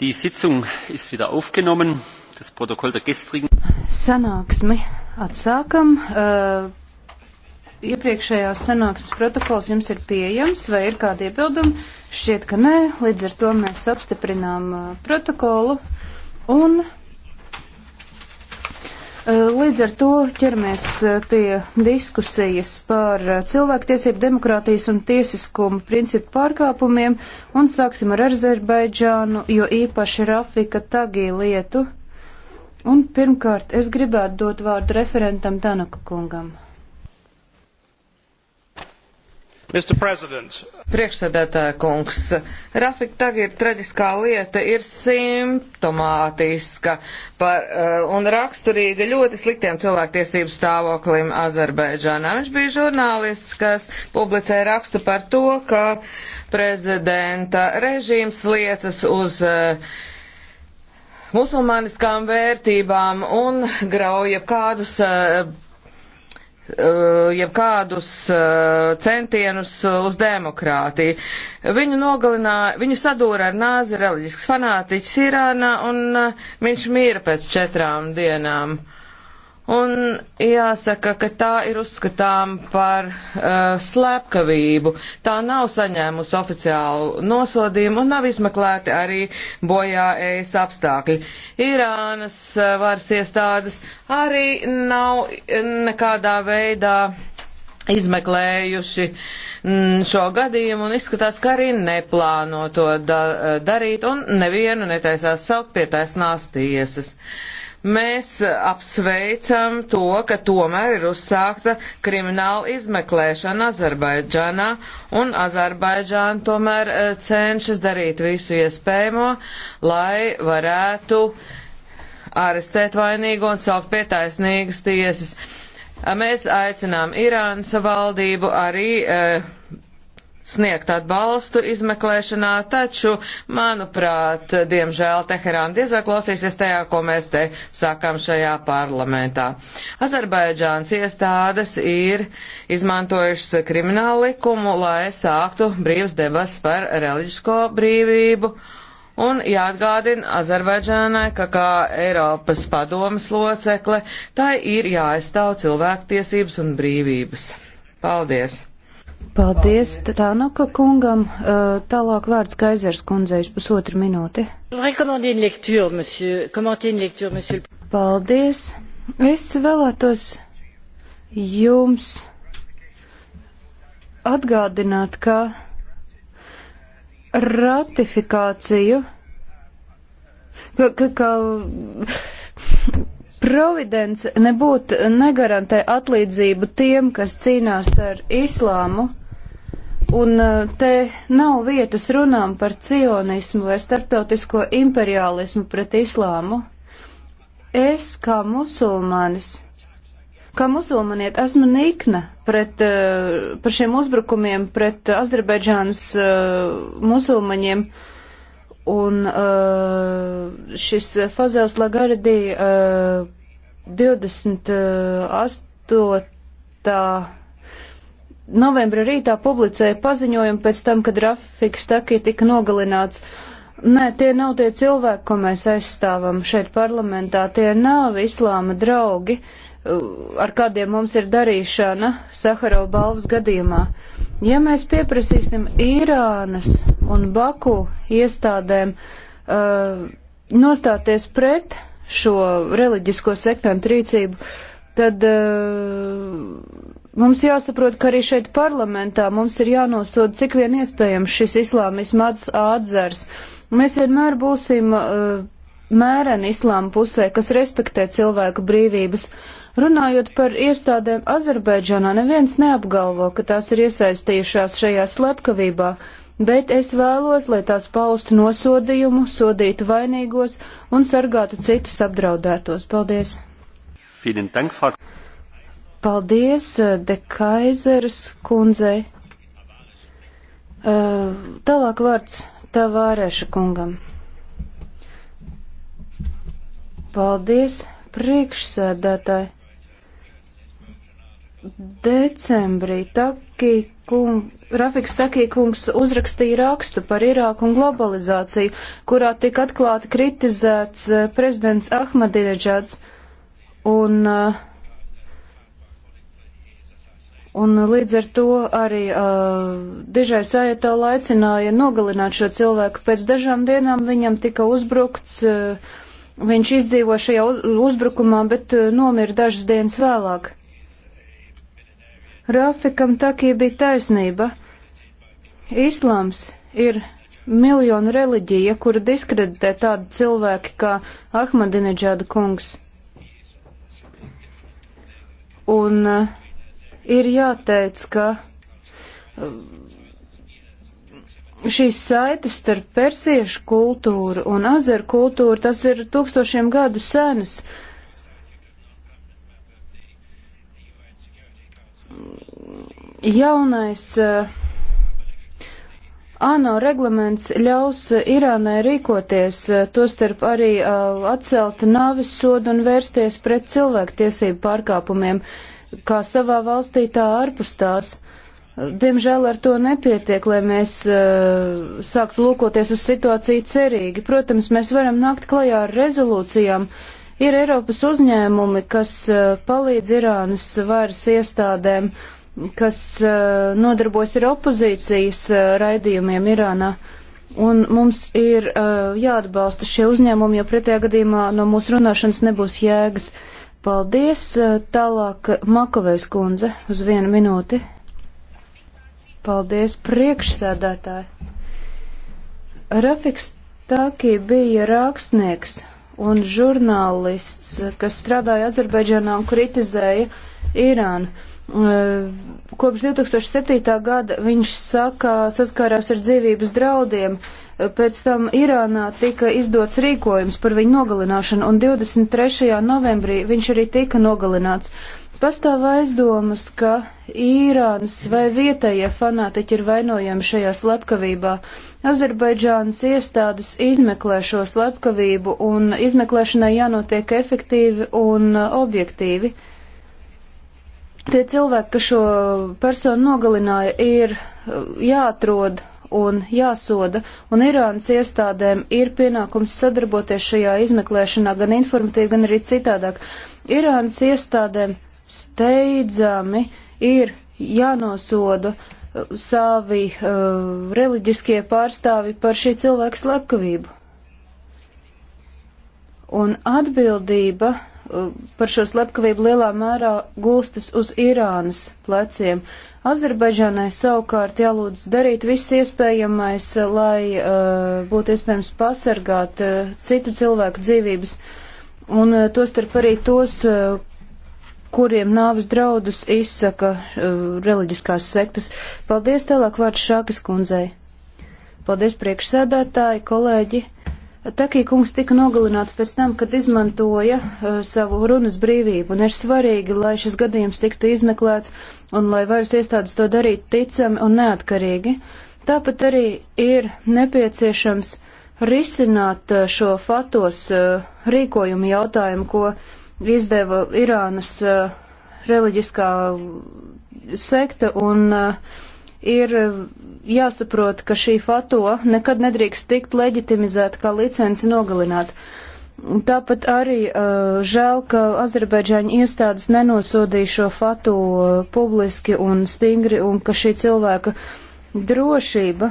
Die Sitzung ist wieder aufgenommen. Das Protokoll der gestrigen. Sanāksmi atsākam. Uh, iepriekšējās sanāksmes protokols jums ir pieejams, vai ir kādi iebildumi? Šķiet, ka nē. Līdz ar to mēs apstiprinām uh, protokolu un Eh, līdz ar to ķeramies eh, pie diskusijas par eh, cilvēktiesību, demokrātijas un tiesiskumu principu pārkāpumiem un sāksim ar Azerbaidžānu, jo īpaši Rafika Tagī lietu. Un pirmkārt es gribētu dot vārdu referentam Tanaka kungam. Priekšsēdētāja kungs, Rafik Tagir traģiskā lieta ir simptomātiska par, uh, un raksturīga ļoti sliktiem cilvēktiesību stāvoklim Azerbaidžānā. Viņš bija žurnālists, kas publicēja rakstu par to, ka prezidenta režīms liecas uz uh, musulmaniskām vērtībām un grauja kādus uh, eh, Uh, jebkādus uh, centienus uh, uz demokrātiju. Viņu nogalināja, viņu sadūra ar nāzi reliģisks fanātiķis Irānā un viņš mīra pēc četrām dienām. Un jāsaka, ka tā ir uzskatām par uh, slepkavību. Tā nav saņēmusi oficiālu nosodījumu un nav izmeklēti arī bojā ejas apstākļi. Irānas uh, varas iestādes arī nav uh, nekādā veidā izmeklējuši mm, šo gadījumu un izskatās, ka arī neplāno to da uh, darīt un nevienu netaisās saukt pie taisnās tiesas. Uh, Mēs apsveicam to, ka tomēr ir uzsākta krimināla izmeklēšana Azerbaidžānā, un Azerbaidžāna tomēr e, cenšas darīt visu iespējamo, lai varētu arestēt vainīgo un saukt pie taisnīgas tiesas. Mēs aicinām Irānas valdību arī e, sniegt atbalstu izmeklēšanā, taču, manuprāt, diemžēl Teherāna diez vai klausīsies tajā, ko mēs te sākam šajā parlamentā. Azerbaidžāns iestādes ir izmantojušas kriminālu likumu, lai sāktu brīvas debas par reliģisko brīvību. Un jāatgādina Azerbaidžānai, ka kā Eiropas padomas locekle, tai ir jāaizstāv cilvēktiesības un brīvības. Paldies! Paldies Tānoka kungam. Uh, tālāk vārds Kaizers kundzei uz pusotru minūti. Paldies. Es vēlētos jums atgādināt, ka ratifikāciju, ka, ka, ka Providence nebūtu negarantē atlīdzību tiem, kas cīnās ar islāmu, un uh, te nav vietas runām par cionismu vai starptautisko imperialismu pret islāmu. Es kā musulmanis, kā musulmaniet, esmu nikna pret, uh, par šiem uzbrukumiem pret Azerbaidžānas uh, musulmaņiem. Uh, Un uh, šis Fazels Lagardī uh, 28. Uh, novembra rītā publicēja paziņojumu pēc tam, kad Rafiks Taki tika nogalināts. Nē, tie nav tie cilvēki, ko mēs aizstāvam šeit parlamentā, tie nav islāma draugi. Uh, ar kādiem mums ir darīšana Saharau balvas gadījumā. Ja mēs pieprasīsim Irānas un Baku iestādēm uh, nostāties pret šo reliģisko sektantu rīcību, tad uh, mums jāsaprot, ka arī šeit parlamentā mums ir jānosoda, cik vien iespējams šis islāmisma atzars. Mēs vienmēr būsim uh, mēreni islāma pusē, kas respektē cilvēku brīvības. Uh, Runājot par iestādēm Azerbaidžānā, neviens neapgalvo, ka tās ir iesaistījušās šajā slepkavībā, bet es vēlos, lai tās paustu nosodījumu, sodītu vainīgos un sargātu citus apdraudētos. Paldies! Paldies, eh, De Kaizers kundzei. Uh, eh, tālāk vārds Tavāreša kungam. Paldies, priekšsēdētāji decembrī Taki kung, Rafiks Takī kungs uzrakstīja rakstu par Irāku un globalizāciju, kurā tika atklāti kritizēts eh, prezidents Ahmadineģāds un, eh, un līdz ar to arī uh, dižais ajatola aicināja nogalināt šo cilvēku. Pēc dažām dienām viņam tika uzbrukts, uh, viņš izdzīvo šajā uz, uzbrukumā, bet uh, nomira dažas dienas vēlāk. Rafikam Takī bija taisnība. Islāms ir miljonu reliģija, kura diskreditē tādi cilvēki kā Ahmadineģāda kungs. Un uh, ir jāteic, ka uh, šīs saites starp persiešu kultūru un azeru kultūru, tas ir tūkstošiem gadu senas. Uh, Jaunais uh, ANO reglaments ļaus eh, Irānai rīkoties, eh, tostarp arī uh, atcelt nāvis sodu un vērsties pret cilvēktiesību pārkāpumiem, kā savā valstī tā ārpus tās. Diemžēl ar to nepietiek, lai mēs uh, sāktu lūkoties uz situāciju cerīgi. Protams, mēs varam nākt klajā ar rezolūcijām. Ir Eiropas uzņēmumi, kas uh, palīdz Irānas varas iestādēm uh, kas eh, nodarbojas ar opozīcijas eh, raidījumiem Irānā. Un mums ir eh, jāatbalsta šie uzņēmumi, jo pretējā gadījumā no mūsu runāšanas nebūs jēgas. Paldies. Tālāk Makovejs kundze uz vienu minūti. Paldies priekšsēdētāji. Rafiks Tākī bija rakstnieks un žurnālists, kas strādāja Azerbaidžānā un kritizēja Irānu. Eh, kopš 2007. gada viņš saka, saskārās ar dzīvības draudiem, eh, pēc tam Irānā tika izdots rīkojums par viņu nogalināšanu, un 23. novembrī viņš arī tika nogalināts. Pastāv aizdomas, ka Īrānas vai vietējie fanātiķi ir vainojami šajā slepkavībā. Azerbaidžānas iestādes izmeklē šo slepkavību, un izmeklēšanai jānotiek efektīvi un eh, objektīvi. Uh, Tie cilvēki, kas šo personu nogalināja, ir eh, jāatrod un jāsoda, un Irānas iestādēm ir pienākums sadarboties šajā izmeklēšanā gan informatīvi, gan arī citādāk. Irānas iestādēm steidzami ir jānosoda eh, savi uh, reliģiskie pārstāvi par šī cilvēka slepkavību. Un atbildība Eh, par šo slepkavību lielā mērā gulstas uz Irānas pleciem. Azerbaidžānai savukārt jālūdz darīt viss iespējamais, eh, lai uh, būtu iespējams pasargāt uh, citu cilvēku dzīvības, un uh, tostarp arī tos, uh, kuriem nāvis draudus izsaka uh, reliģiskās sektas. Paldies tālāk vārds Šākas kundzei. Paldies priekšsēdētāji, kolēģi. Uh, Takī kungs tika nogalināts pēc tam, kad izmantoja uh, savu runas brīvību, un ir svarīgi, lai šis gadījums tiktu izmeklēts un lai varas iestādes to darītu ticami un neatkarīgi. Tāpat arī ir nepieciešams risināt uh, šo fatos uh, rīkojumu jautājumu, ko izdeva Irānas uh, reliģiskā sekta, un uh, ir uh, jāsaprot, ka šī fatwa nekad nedrīkst tikt leģitimizēta kā licenci nogalināt. Tāpat arī uh, žēl, ka Azerbaidžāņu iestādes nenosodīja šo fatu uh, publiski un stingri, un ka šī cilvēka drošība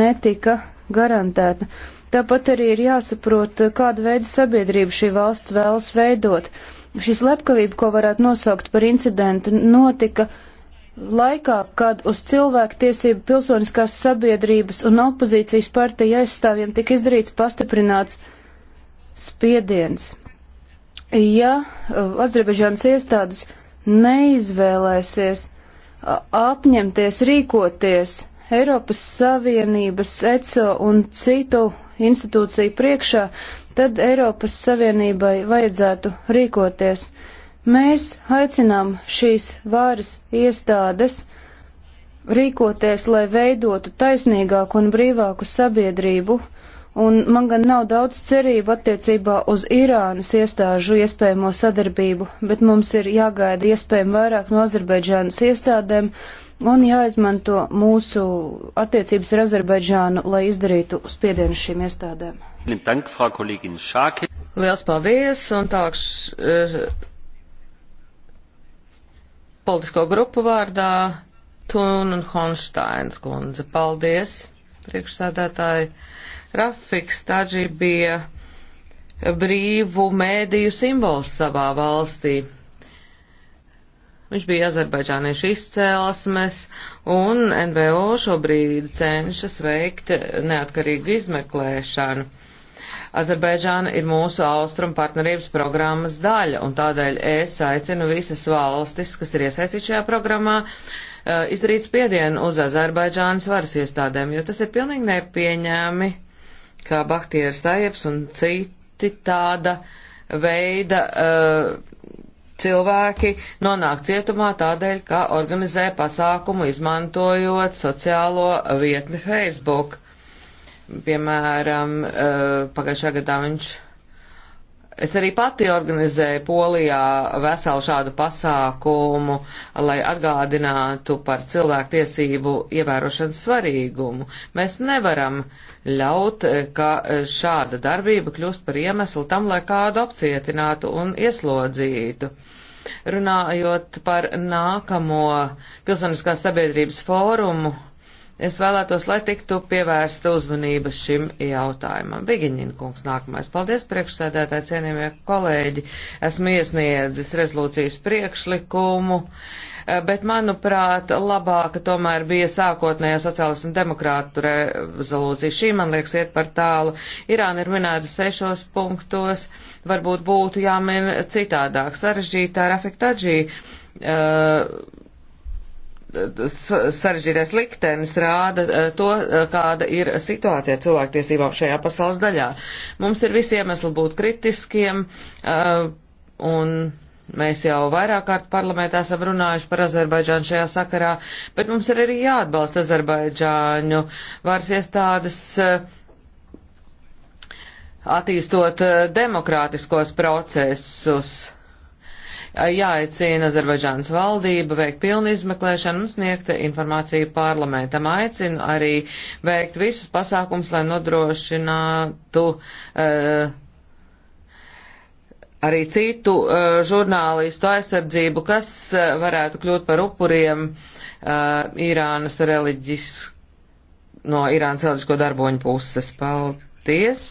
netika garantēta. Tāpat arī ir jāsaprot, uh, kādu veidu sabiedrību šī valsts vēlas veidot. Šis lepkavība, ko varētu nosaukt par incidentu, notika uh, Laikā, kad uz cilvēktiesību pilsoniskās sabiedrības un opozīcijas partija aizstāvjiem tika izdarīts pastiprināts spiediens. Ja uh, Azerbaidžānas iestādes neizvēlēsies uh, apņemties rīkoties Eiropas Savienības, ECO un citu institūciju priekšā, tad Eiropas Savienībai vajadzētu rīkoties. Mēs aicinām šīs vāras iestādes rīkoties, lai veidotu taisnīgāku un brīvāku sabiedrību, un man gan nav daudz cerību attiecībā uz Irānas iestāžu iespējamo sadarbību, bet mums ir jāgaida iespējami vairāk no Azerbaidžānas iestādēm un jāizmanto mūsu attiecības ar Azerbaidžānu, lai izdarītu spiedienu šīm iestādēm. Liels paldies, un tāks. Uh, eh, politisko grupu vārdā Tun un Honštains kundze. Paldies, priekšsēdētāji. Rafiks Tadži bija brīvu mēdīju simbols savā valstī. Viņš bija azerbaidžāniešu izcēlesmes, un NVO šobrīd cenšas veikt neatkarīgu izmeklēšanu. Azerbaidžāna ir mūsu austrum partnerības programmas daļa, un tādēļ es aicinu visas valstis, kas ir iesaistīts šajā programmā, eh, izdarīt spiedienu uz Azerbaidžānas varas iestādēm, jo tas ir pilnīgi nepieņēmi, kā Bahtieris Saieps un citi tāda veida uh, cilvēki nonāk cietumā tādēļ, ka organizē pasākumu izmantojot sociālo vietni Facebook. Uh, Piemēram, eh, pagājušajā gadā viņš. Es arī pati organizēju Polijā veselu šādu pasākumu, lai atgādinātu par cilvēktiesību ievērošanas svarīgumu. Mēs nevaram ļaut, eh, ka šāda darbība kļūst par iemeslu tam, lai kādu apcietinātu un ieslodzītu. Runājot par nākamo pilsoniskās sabiedrības fórumu, Es vēlētos, lai tiktu pievērsta uzmanība šim jautājumam. Vigiņina kungs nākamais. Paldies, priekšsēdētāji, cienījamie kolēģi. Esmu iesniedzis rezolūcijas priekšlikumu, eh, bet, manuprāt, labāka tomēr bija sākotnējā sociālistu un demokrātu rezolūcija. Šī, man liekas, iet par tālu. Irāna ir minēta sešos punktos, varbūt būtu jāmin citādāk. Sarežģītā Rafik Tadžī. Uh, eh, sarežģītais liktenis rāda eh, to, eh, kāda ir situācija ar cilvēktiesībām šajā pasaules daļā. Mums ir visi iemesli būt kritiskiem, eh, un mēs jau vairāk kārt parlamentā esam runājuši par Azerbaidžānu šajā sakarā, bet mums ir arī jāatbalsta Azerbaidžāņu varas iestādes attīstot demokrātiskos procesus jāaicina Azerbaidžānas valdība veikt pilnu izmeklēšanu un sniegt informāciju parlamentam. Aicinu arī veikt visus pasākums, lai nodrošinātu uh, arī citu uh, žurnālistu aizsardzību, kas uh, varētu kļūt par upuriem Irānas reliģis, no Irānas reliģisko darboņu puses. Paldies,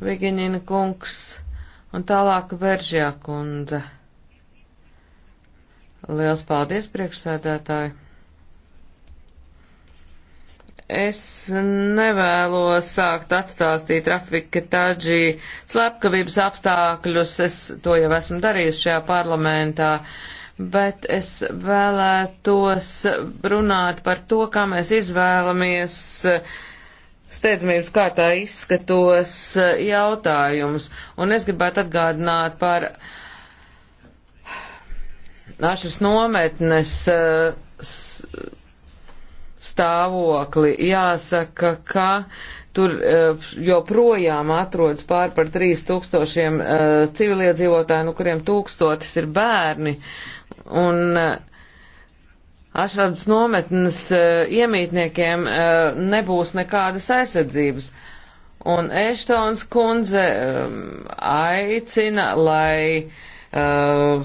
Vigiņina kungs. Un tālāk Veržjā kundze. Liels paldies, priekšsēdētāji! Es nevēlos sākt atstāstīt Rafika Tadži slepkavības apstākļus, es to jau esmu darījis šajā parlamentā, bet es vēlētos runāt par to, kā mēs izvēlamies uh, steidzamības kārtā izskatos eh, jautājumus, un es gribētu atgādināt par našas nometnes eh, stāvokli. Jāsaka, ka tur eh, joprojām atrodas pār par 3000 civiliedzīvotāju, no nu, kuriem tūkstotis ir bērni. Un uh, ašardas nometnes uh, iemītniekiem uh, nebūs nekādas aizsardzības. Un Eštons kundze um, aicina, lai uh,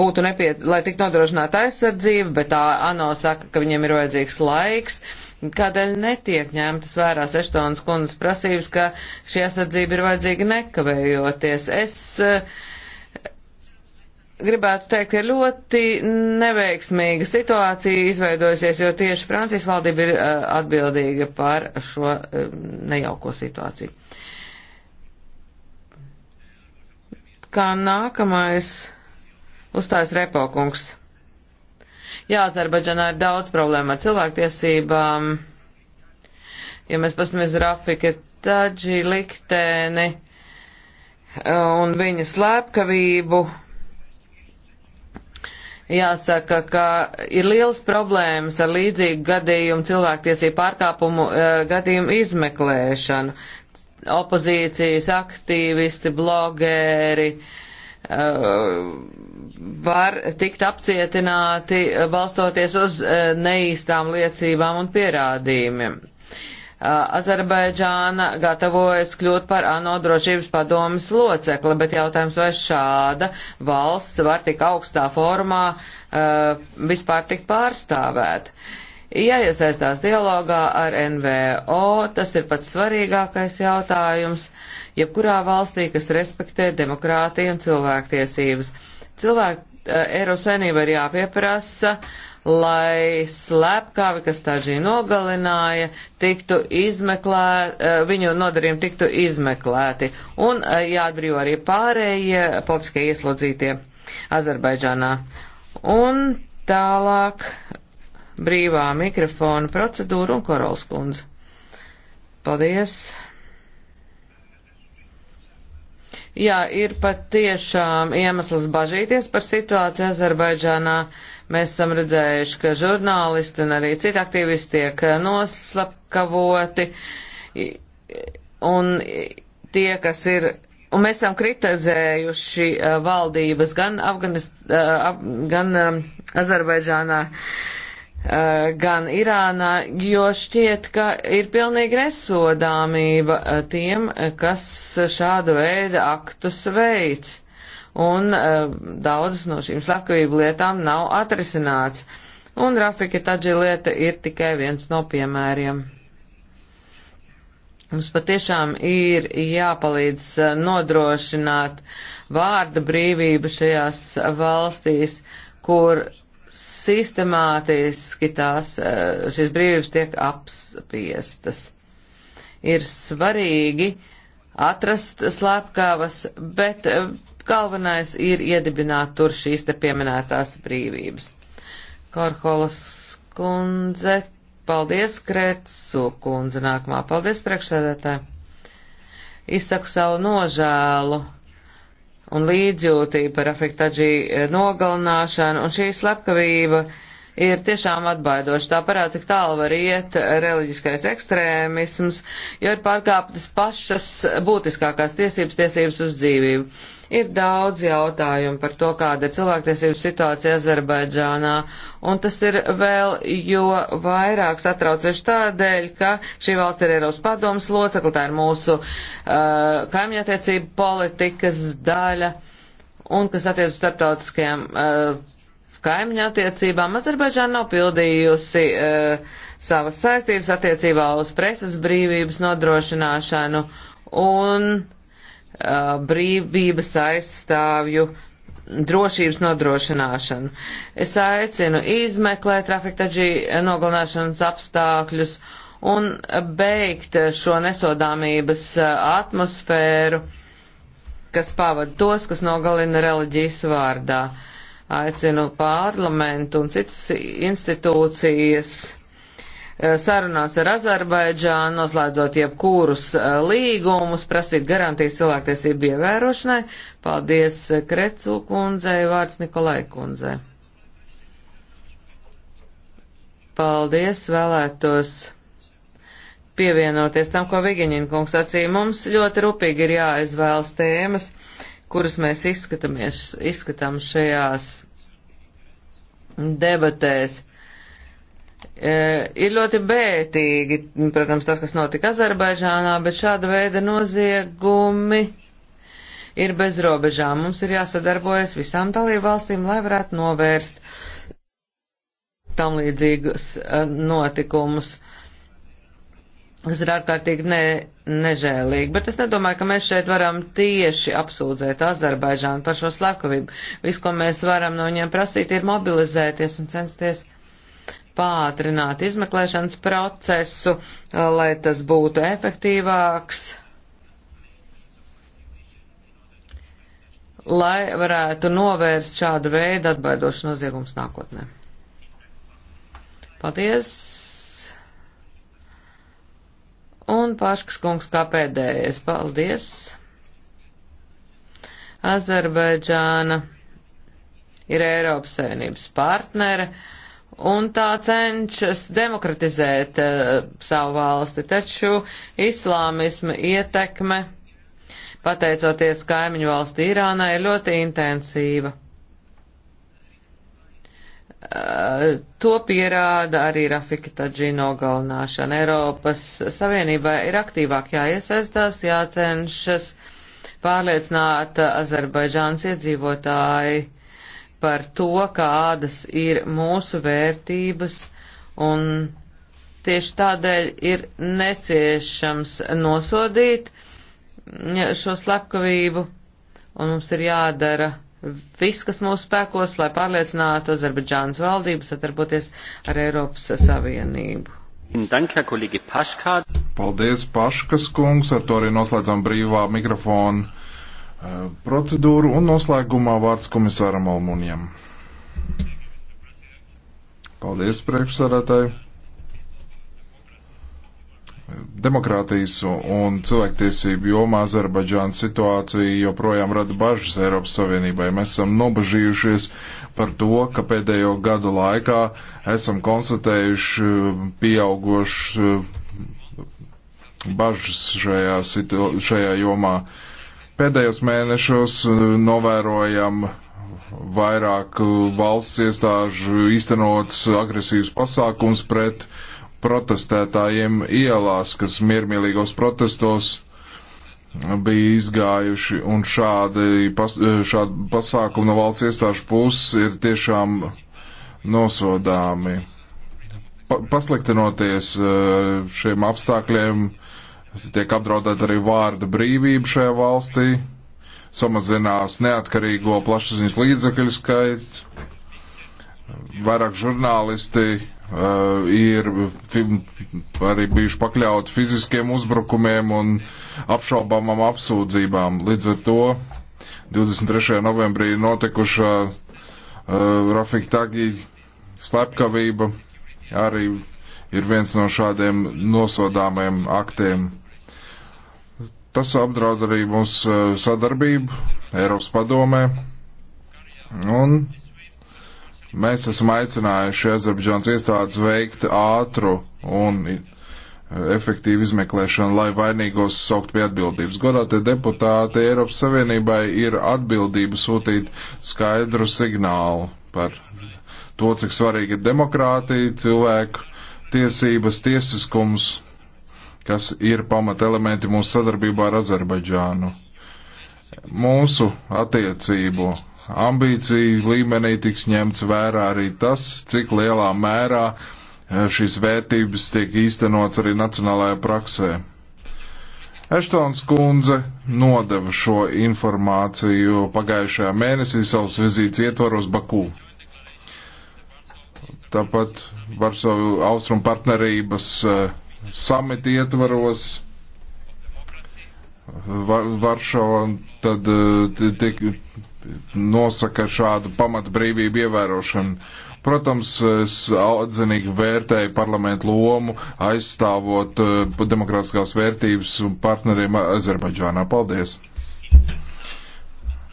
būtu nepiet, lai tik nodrošināta aizsardzība, bet tā ANO saka, ka viņiem ir vajadzīgs laiks. Kādēļ netiek ņemtas vērā Eštons kundzes prasības, ka šī aizsardzība ir vajadzīga nekavējoties? Es uh, gribētu teikt, ir ļoti neveiksmīga situācija izveidojusies, jo tieši Francijas valdība ir eh, atbildīga par šo eh, nejauko situāciju. Kā nākamais uzstājas repokungs. Jā, Azerbaidžanā ir daudz problēma ar cilvēktiesībām. Ja mēs pasmies Rafika Tadži likteni eh, un viņa slēpkavību, Jāsaka, ka ir liels problēmas ar līdzīgu gadījumu cilvēktiesību pārkāpumu eh, gadījumu izmeklēšanu. Opozīcijas aktīvisti, blogēri eh, var tikt apcietināti eh, balstoties uz neīstām liecībām un pierādījumiem. Azerbaidžāna gatavojas kļūt par ANO drošības padomas locekli, bet jautājums, vai šāda valsts var tik augstā formā uh, vispār tikt pārstāvēt. Jāiesaistās dialogā ar NVO, tas ir pats svarīgākais jautājums, jebkurā valstī, kas respektē demokrātiju un cilvēktiesības. Cilvēku uh, eh, Eiropas Savienība ir jāpieprasa uh, lai slepkāvi, kas tāžī nogalināja, tiktu izmeklēti, eh, viņu nodarījumi tiktu izmeklēti. Un eh, jāatbrīvo arī pārējie politiskie ieslodzītie Azerbaidžānā. Un tālāk brīvā mikrofona procedūra un Korols kundze. Paldies! Jā, ir pat tiešām iemesls bažīties par situāciju Azerbaidžānā. Uh, Mēs esam redzējuši, ka žurnālisti un arī citi aktīvisti tiek eh, noslapkavoti, un tie, kas ir, un mēs esam kritizējuši eh, valdības gan, Afganist, eh, gan Azerbaidžānā, gan Irānā, jo šķiet, ka ir pilnīgi nesodāmība tiem, kas šādu veidu aktus veids un uh, daudzas no šīm slepkavību lietām nav atrisināts. Un Rafika Tadži lieta ir tikai viens no piemēriem. Mums patiešām ir jāpalīdz e, nodrošināt vārda brīvību šajās valstīs, kur sistemātiski tās, e, šīs brīvības tiek apspiestas. Ir svarīgi atrast slēpkavas, bet Galvenais ir iedibināt tur šīs te pieminētās brīvības. Korholas kundze, paldies, Kretsu kundze nākamā. Paldies, priekšsēdētāji. Izsaku savu nožēlu un līdzjūtību par Afriktaģī eh, nogalināšanu un šī slepkavība ir tiešām atbaidoši. Tā parāda, cik tālu var iet reliģiskais ekstrēmisms, jo ir pārkāptas pašas būtiskākās tiesības, tiesības uz dzīvību. Ir daudz jautājumu par to, kāda ir cilvēktiesību situācija Azerbaidžānā, un tas ir vēl jo vairāk satraucoši tādēļ, ka šī valsts ir Eiropas padomas locekla, tā ir mūsu uh, kaimiņattiecību politikas daļa, un kas attiec uz starptautiskajām uh, kaimiņa attiecībām Azerbaidžāna nav pildījusi e, savas saistības attiecībā uz preses brīvības nodrošināšanu un e, brīvības aizstāvju drošības nodrošināšanu. Es aicinu izmeklēt trafiktaģī eh, nogalināšanas apstākļus un beigt šo nesodāmības atmosfēru, kas pavada tos, kas nogalina reliģijas vārdā. Uh, aicinu parlamentu un citas institūcijas eh, sarunās ar Azerbaidžānu, noslēdzot jebkurus eh, līgumus, prasīt garantijas cilvēktiesību ievērošanai. Paldies eh, Krecu kundzei, vārds Nikolai kundzei. Paldies, vēlētos pievienoties tam, ko Vigiņina kungs sacīja. Mums ļoti rūpīgi ir jāizvēlas tēmas kurus mēs izskatām šajās debatēs, e, ir ļoti bētīgi, protams, tas, kas notika Azerbaidžānā, bet šāda veida noziegumi ir bez robežām. Mums ir jāsadarbojas visām dalību valstīm, lai varētu novērst tam līdzīgus e, notikumus kas ir ārkārtīgi ne, nežēlīgi, bet es nedomāju, ka mēs šeit varam tieši apsūdzēt Azerbaidžānu par šo slepkavību. Viss, ko mēs varam no viņiem prasīt, ir mobilizēties un censties pātrināt izmeklēšanas procesu, lai tas būtu efektīvāks, lai varētu novērst šādu veidu atbaidošu noziegums nākotnē. Paldies! Un Paškas kungs kā pēdējais. Paldies! Azerbaidžāna ir Eiropas Savienības partnere un tā cenšas demokratizēt uh, savu valsti, taču islāmisma ietekme, pateicoties kaimiņu valsti Irānai, ir ļoti intensīva. To pierāda arī Rafika Tadžino galnāšana. Eiropas Savienībai ir aktīvāk jāiesaistās, jācenšas pārliecināt Azerbaidžānas iedzīvotāji par to, kādas ir mūsu vērtības, un tieši tādēļ ir neciešams nosodīt šo slepkavību, un mums ir jādara viss, kas mūsu spēkos, lai pārliecinātu Azerbaidžānas valdību sadarboties ar Eiropas Savienību. Paldies, Paškas kungs, ar to arī noslēdzam brīvā mikrofona eh, procedūru un noslēgumā vārds komisāram Almunijam. Paldies, priekšsarētāji! Demokrātijas un cilvēktiesību jomā Azerbaidžānas situācija joprojām rada bažas Eiropas Savienībai. Mēs esam nobažījušies par to, ka pēdējo gadu laikā esam konstatējuši pieaugošas eh, bažas šajā, situ, šajā jomā. Pēdējos mēnešos eh, novērojam vairāk valsts iestāžu iztenots agresīvs pasākums pret uh, protestētājiem ielās, kas miermīlīgos protestos bija izgājuši, un šādi, pas, šādi pasākumi no valsts iestāžu puses ir tiešām nosodāmi. Pa, pasliktinoties eh, šiem apstākļiem, tiek apdraudēta arī vārda brīvība šajā valstī, samazinās neatkarīgo plašsaziņas līdzekļu skaits vairāk žurnālisti uh, ir film, arī bijuši pakļauti fiziskiem uzbrukumiem un apšaubāmām apsūdzībām. Līdz ar to 23. novembrī notikušā uh, Rafika Tagi slepkavība arī ir viens no šādiem nosodāmiem aktiem. Tas apdraud arī mūsu uh, sadarbību Eiropas padomē. Un Mēs esam aicinājuši Azerbaidžāns iestādes veikt ātru un efektīvu izmeklēšanu, lai vainīgos saukt pie atbildības. Godātie deputāti, Eiropas Savienībai ir atbildība sūtīt skaidru signālu par to, cik svarīgi ir demokrātija, cilvēku tiesības, tiesiskums, kas ir pamata elementi mūsu sadarbībā ar Azerbaidžānu. Mūsu attiecību ambīciju līmenī tiks ņemts vērā arī tas, cik lielā mērā eh, šīs vērtības tiek īstenots arī nacionālajā praksē. Eštons kundze nodeva šo informāciju pagājušajā mēnesī savas vizītes ietvaros Bakū. Tāpat Varsavu austrumu partnerības eh, samita ietvaros Varšava var tad eh, tiek nosaka šādu pamatbrīvību ievērošanu. Protams, es atzinīgi vērtēju parlamentu lomu, aizstāvot eh, demokrātiskās vērtības partneriem Azerbaidžānā. Paldies!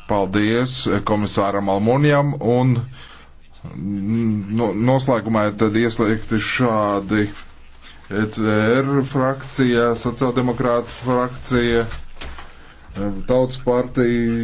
Paldies komisāram Almunijam un mm, no, noslēgumā tad ieslēgti šādi ECR frakcija, sociāldemokrāta frakcija, eh, tautas partija.